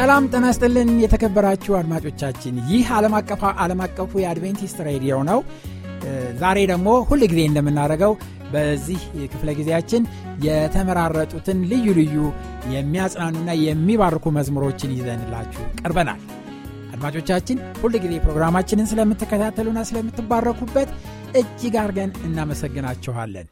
ሰላም ጤና የተከበራችሁ አድማጮቻችን፣ ይህ ዓለም አቀፉ የአድቬንቲስት ሬዲዮ ነው። ዛሬ ደግሞ ሁል ጊዜ እንደምናደርገው በዚህ ክፍለ ጊዜያችን የተመራረጡትን ልዩ ልዩ የሚያጽናኑና የሚባርኩ መዝሙሮችን ይዘንላችሁ ቀርበናል። አድማጮቻችን ሁል ጊዜ ፕሮግራማችንን ስለምትከታተሉና ስለምትባረኩበት እጅግ አርገን እናመሰግናችኋለን።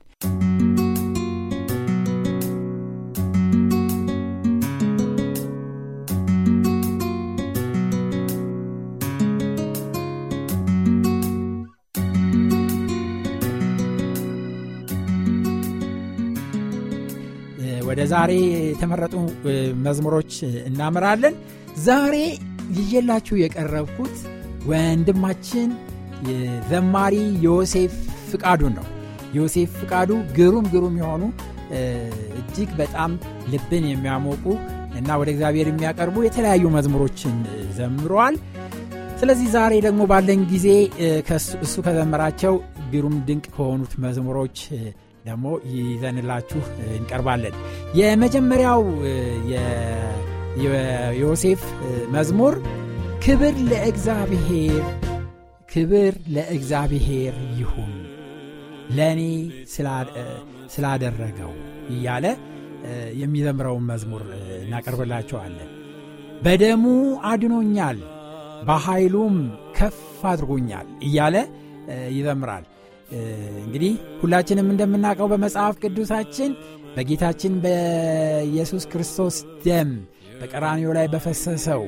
የዛሬ የተመረጡ መዝሙሮች እናምራለን። ዛሬ ይዤላችሁ የቀረብኩት ወንድማችን ዘማሪ ዮሴፍ ፍቃዱን ነው። ዮሴፍ ፍቃዱ ግሩም ግሩም የሆኑ እጅግ በጣም ልብን የሚያሞቁ እና ወደ እግዚአብሔር የሚያቀርቡ የተለያዩ መዝሙሮችን ዘምረዋል። ስለዚህ ዛሬ ደግሞ ባለን ጊዜ እሱ ከዘመራቸው ግሩም ድንቅ ከሆኑት መዝሙሮች ደግሞ ይዘንላችሁ እንቀርባለን። የመጀመሪያው የዮሴፍ መዝሙር ክብር ለእግዚአብሔር ክብር ለእግዚአብሔር ይሁን ለእኔ ስላደረገው እያለ የሚዘምረውን መዝሙር እናቀርብላቸዋለን። በደሙ አድኖኛል፣ በኃይሉም ከፍ አድርጎኛል እያለ ይዘምራል። እንግዲህ ሁላችንም እንደምናውቀው በመጽሐፍ ቅዱሳችን በጌታችን በኢየሱስ ክርስቶስ ደም በቀራንዮ ላይ በፈሰሰው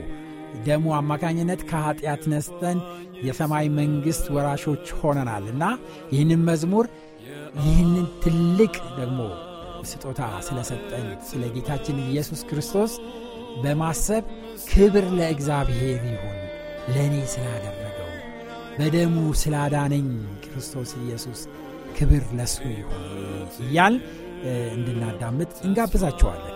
ደሙ አማካኝነት ከኀጢአት ነስተን የሰማይ መንግሥት ወራሾች ሆነናል እና ይህንን መዝሙር ይህንን ትልቅ ደግሞ ስጦታ ስለሰጠን ስለ ጌታችን ኢየሱስ ክርስቶስ በማሰብ ክብር ለእግዚአብሔር ይሁን ለእኔ ስላደረ በደሙ ስላዳነኝ ክርስቶስ ኢየሱስ ክብር ለሱ ይሆን እያል እንድናዳምጥ እንጋብዛቸዋለን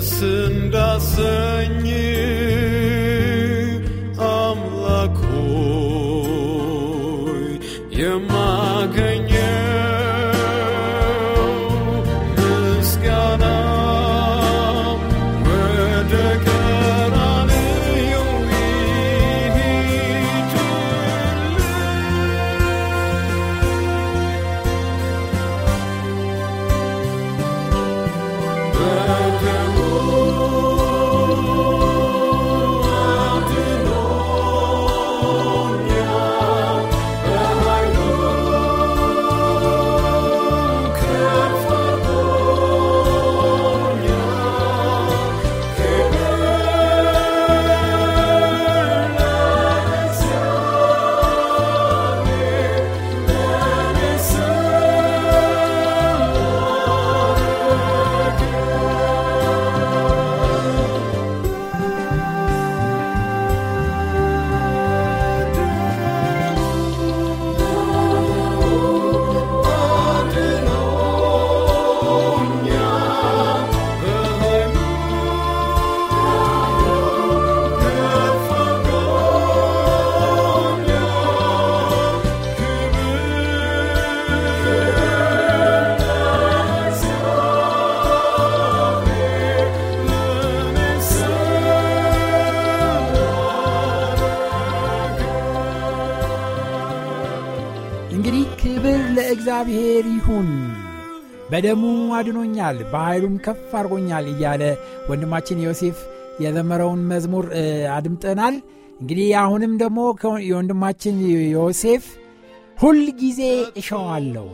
Wissen, dass በደሙ አድኖኛል፣ በኃይሉም ከፍ አድርጎኛል እያለ ወንድማችን ዮሴፍ የዘመረውን መዝሙር አድምጠናል። እንግዲህ አሁንም ደግሞ የወንድማችን ዮሴፍ ሁል ጊዜ እሸዋለሁ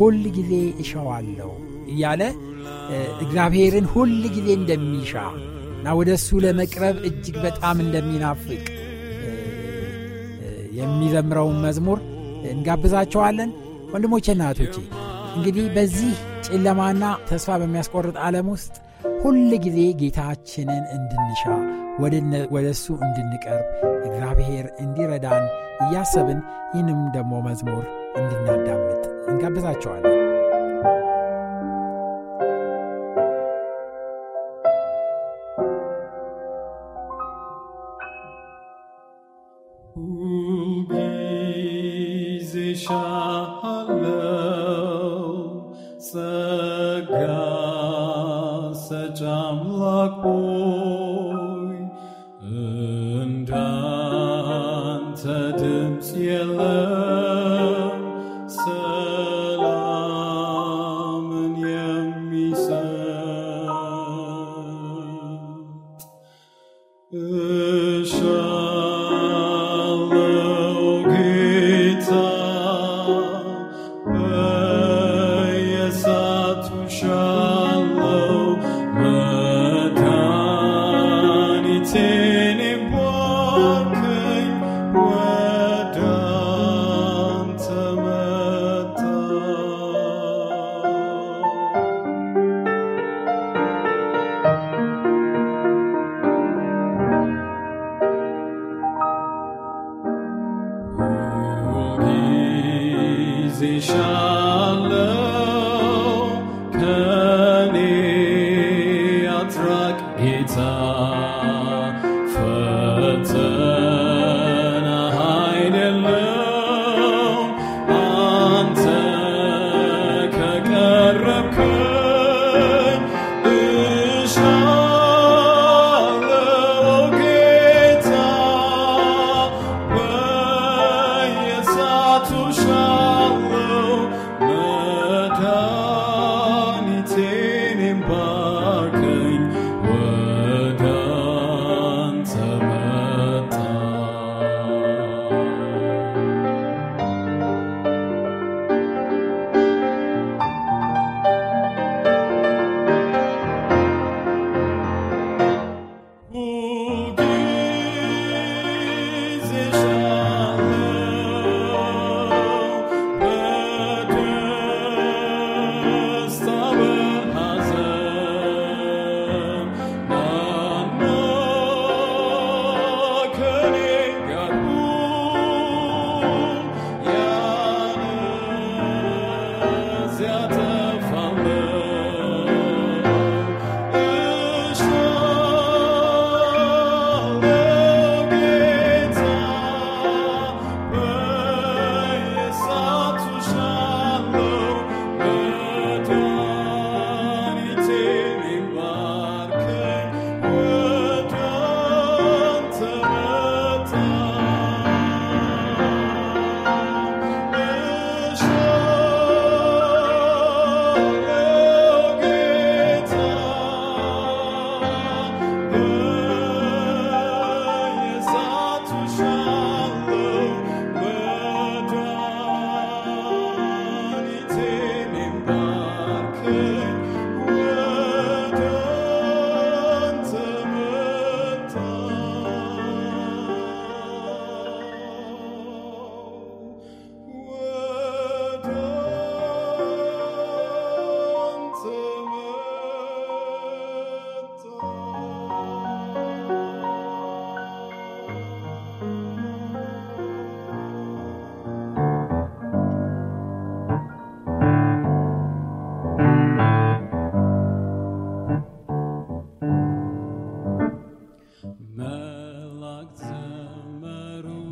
ሁል ጊዜ እሸዋለሁ እያለ እግዚአብሔርን ሁል ጊዜ እንደሚሻ እና ወደ እሱ ለመቅረብ እጅግ በጣም እንደሚናፍቅ የሚዘምረውን መዝሙር እንጋብዛቸዋለን። ወንድሞቼና እህቶቼ እንግዲህ በዚህ ጨለማና ተስፋ በሚያስቆርጥ ዓለም ውስጥ ሁል ጊዜ ጌታችንን እንድንሻ ወደ እሱ እንድንቀርብ እግዚአብሔር እንዲረዳን እያሰብን ይህንም ደግሞ መዝሙር እንድናዳምጥ እንጋብዛቸዋለን። Shalom. Paco. Siz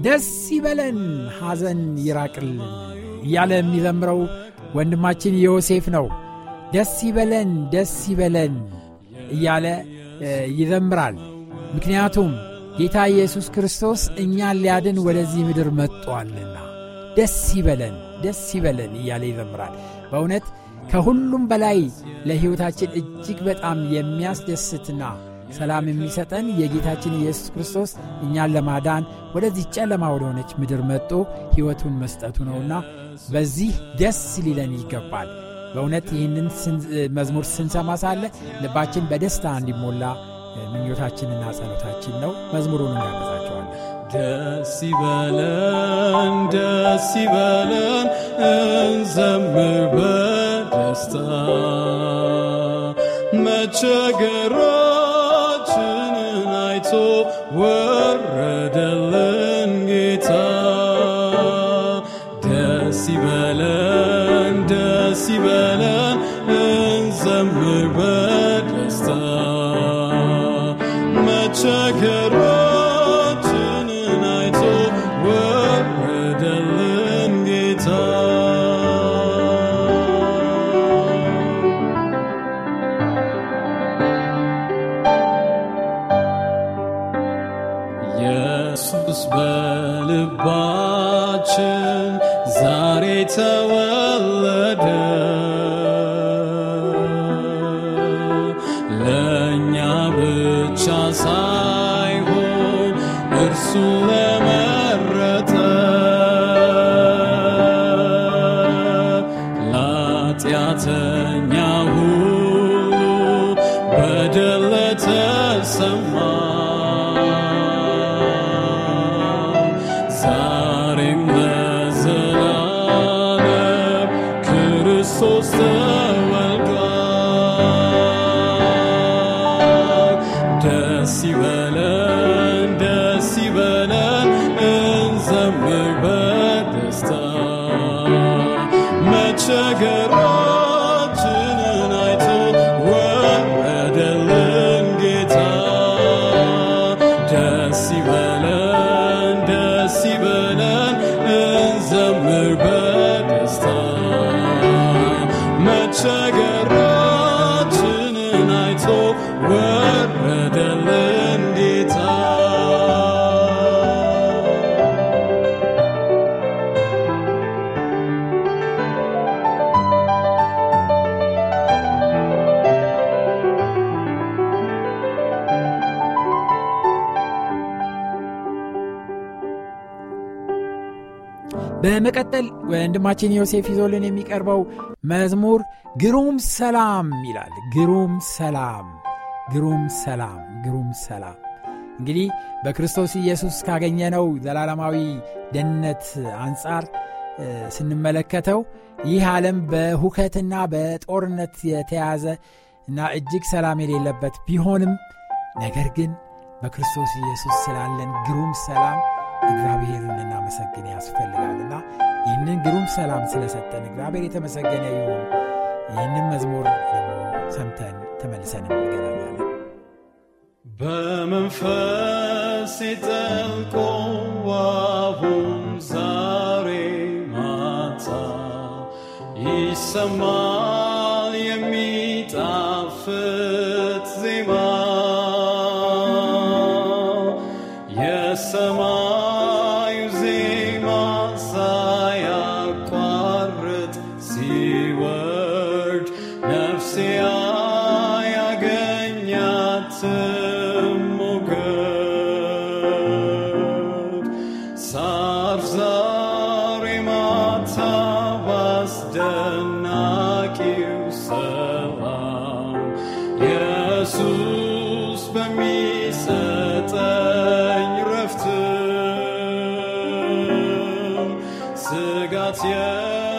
ደስ ይበለን ሐዘን ይራቅልን እያለ የሚዘምረው ወንድማችን ዮሴፍ ነው። ደስ ይበለን ደስ ይበለን እያለ ይዘምራል። ምክንያቱም ጌታ ኢየሱስ ክርስቶስ እኛን ሊያድን ወደዚህ ምድር መጥቷልና ደስ ይበለን ደስ ይበለን እያለ ይዘምራል። በእውነት ከሁሉም በላይ ለሕይወታችን እጅግ በጣም የሚያስደስትና ሰላም የሚሰጠን የጌታችን ኢየሱስ ክርስቶስ እኛን ለማዳን ወደዚህ ጨለማ ወደሆነች ምድር መጦ ሕይወቱን መስጠቱ ነውና በዚህ ደስ ሊለን ይገባል። በእውነት ይህንን መዝሙር ስንሰማ ሳለ ልባችን በደስታ እንዲሞላ ምኞታችንና ጸሎታችን ነው። መዝሙሩን እናበዛቸዋለን። ደስ ይበለን፣ ደስ ይበለን፣ እንዘምር በደስታ መቸገራ So, soul were a deliverer. በመቀጠል ወንድማችን ዮሴፍ ይዞልን የሚቀርበው መዝሙር ግሩም ሰላም ይላል። ግሩም ሰላም፣ ግሩም ሰላም፣ ግሩም ሰላም እንግዲህ በክርስቶስ ኢየሱስ ካገኘነው ዘላለማዊ ደህንነት አንጻር ስንመለከተው ይህ ዓለም በሁከትና በጦርነት የተያዘ እና እጅግ ሰላም የሌለበት ቢሆንም ነገር ግን በክርስቶስ ኢየሱስ ስላለን ግሩም ሰላም እግዚአብሔርን ልናመሰግን ያስፈልጋልና ይህንን ግሩም ሰላም ስለሰጠን እግዚአብሔር የተመሰገነ ይሁን። ይህንን መዝሙር ሰምተን ተመልሰን እንገናኛለን። በመንፈስ የጠልቆ ዛሬ ማታ ይሰማ Gott, Gott, Gott, Gott,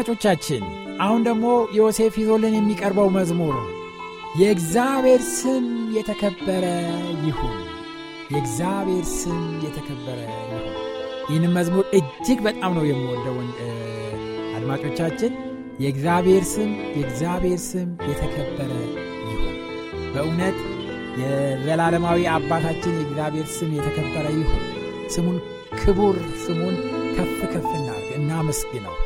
አድማጮቻችን አሁን ደግሞ ዮሴፍ ይዞልን የሚቀርበው መዝሙር የእግዚአብሔር ስም የተከበረ ይሁን የእግዚአብሔር ስም የተከበረ ይሁን ይህንም መዝሙር እጅግ በጣም ነው የምወደውን አድማጮቻችን የእግዚአብሔር ስም የእግዚአብሔር ስም የተከበረ ይሁን በእውነት የዘላለማዊ አባታችን የእግዚአብሔር ስም የተከበረ ይሁን ስሙን ክቡር ስሙን ከፍ ከፍ እናርግ እናመስግነው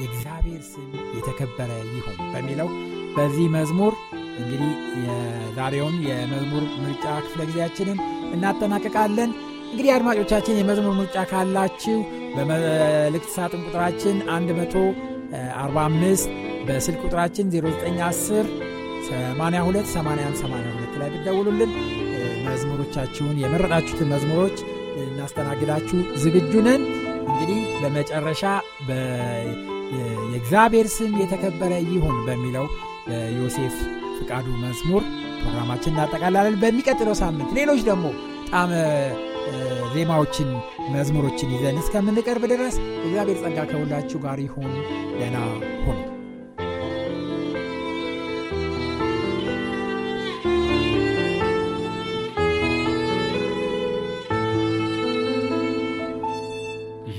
የእግዚአብሔር ስም የተከበረ ይሁን በሚለው በዚህ መዝሙር እንግዲህ የዛሬውን የመዝሙር ምርጫ ክፍለ ጊዜያችንን እናጠናቀቃለን። እንግዲህ አድማጮቻችን የመዝሙር ምርጫ ካላችሁ በመልእክት ሳጥን ቁጥራችን 145 በስልክ ቁጥራችን 0910 82 81 82 ላይ ብደውሉልን መዝሙሮቻችሁን የመረጣችሁትን መዝሙሮች እናስተናግዳችሁ ዝግጁ ነን። እንግዲህ በመጨረሻ የእግዚአብሔር ስም የተከበረ ይሁን በሚለው ዮሴፍ ፍቃዱ መዝሙር ፕሮግራማችን እናጠቃላለን። በሚቀጥለው ሳምንት ሌሎች ደግሞ ጣም ዜማዎችን፣ መዝሙሮችን ይዘን እስከምንቀርብ ድረስ እግዚአብሔር ጸጋ ከሁላችሁ ጋር ይሁን። ደህና ሁኑ።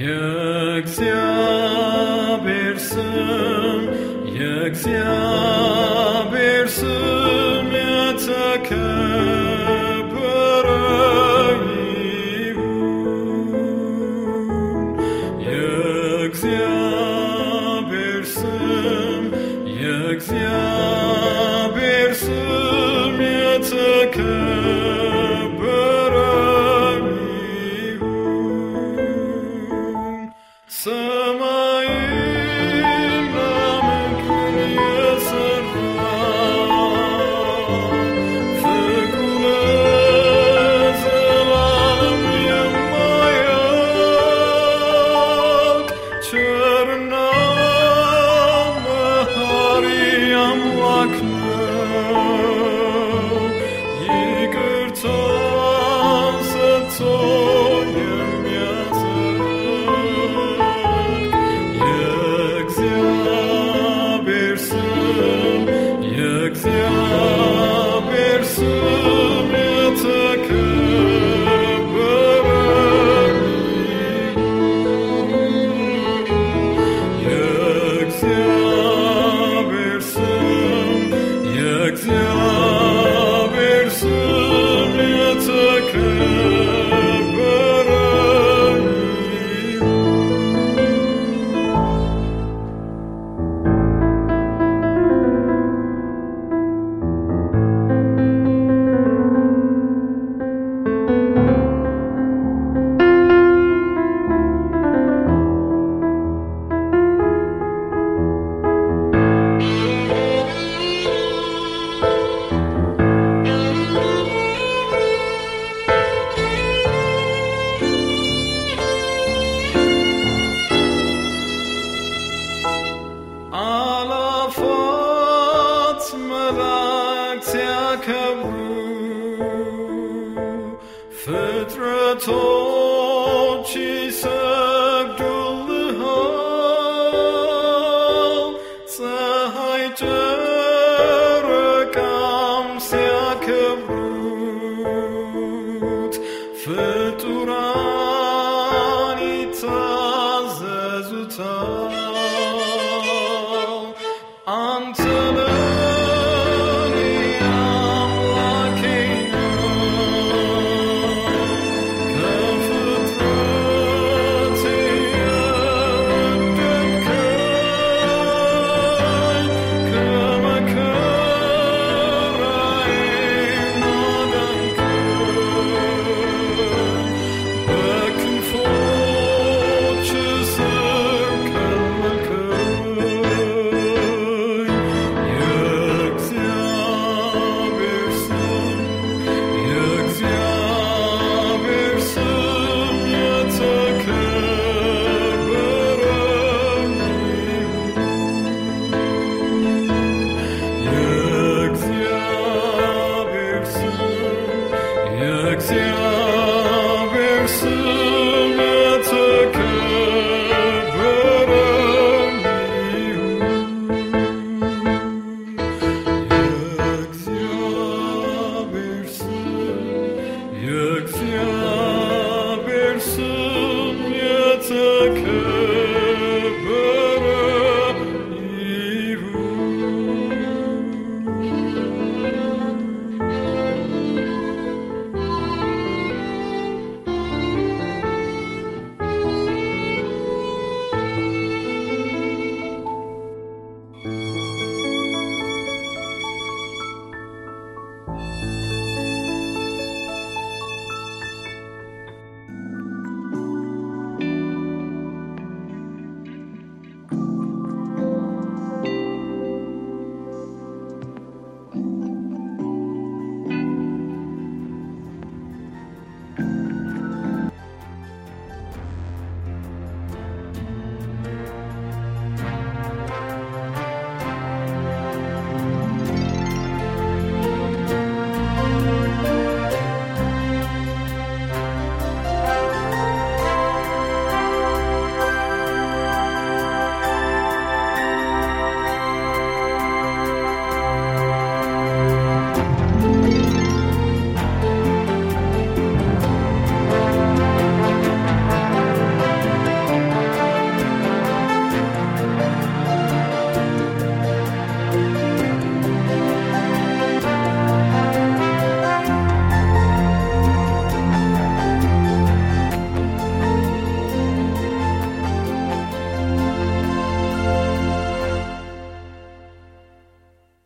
Yeah, 生也香。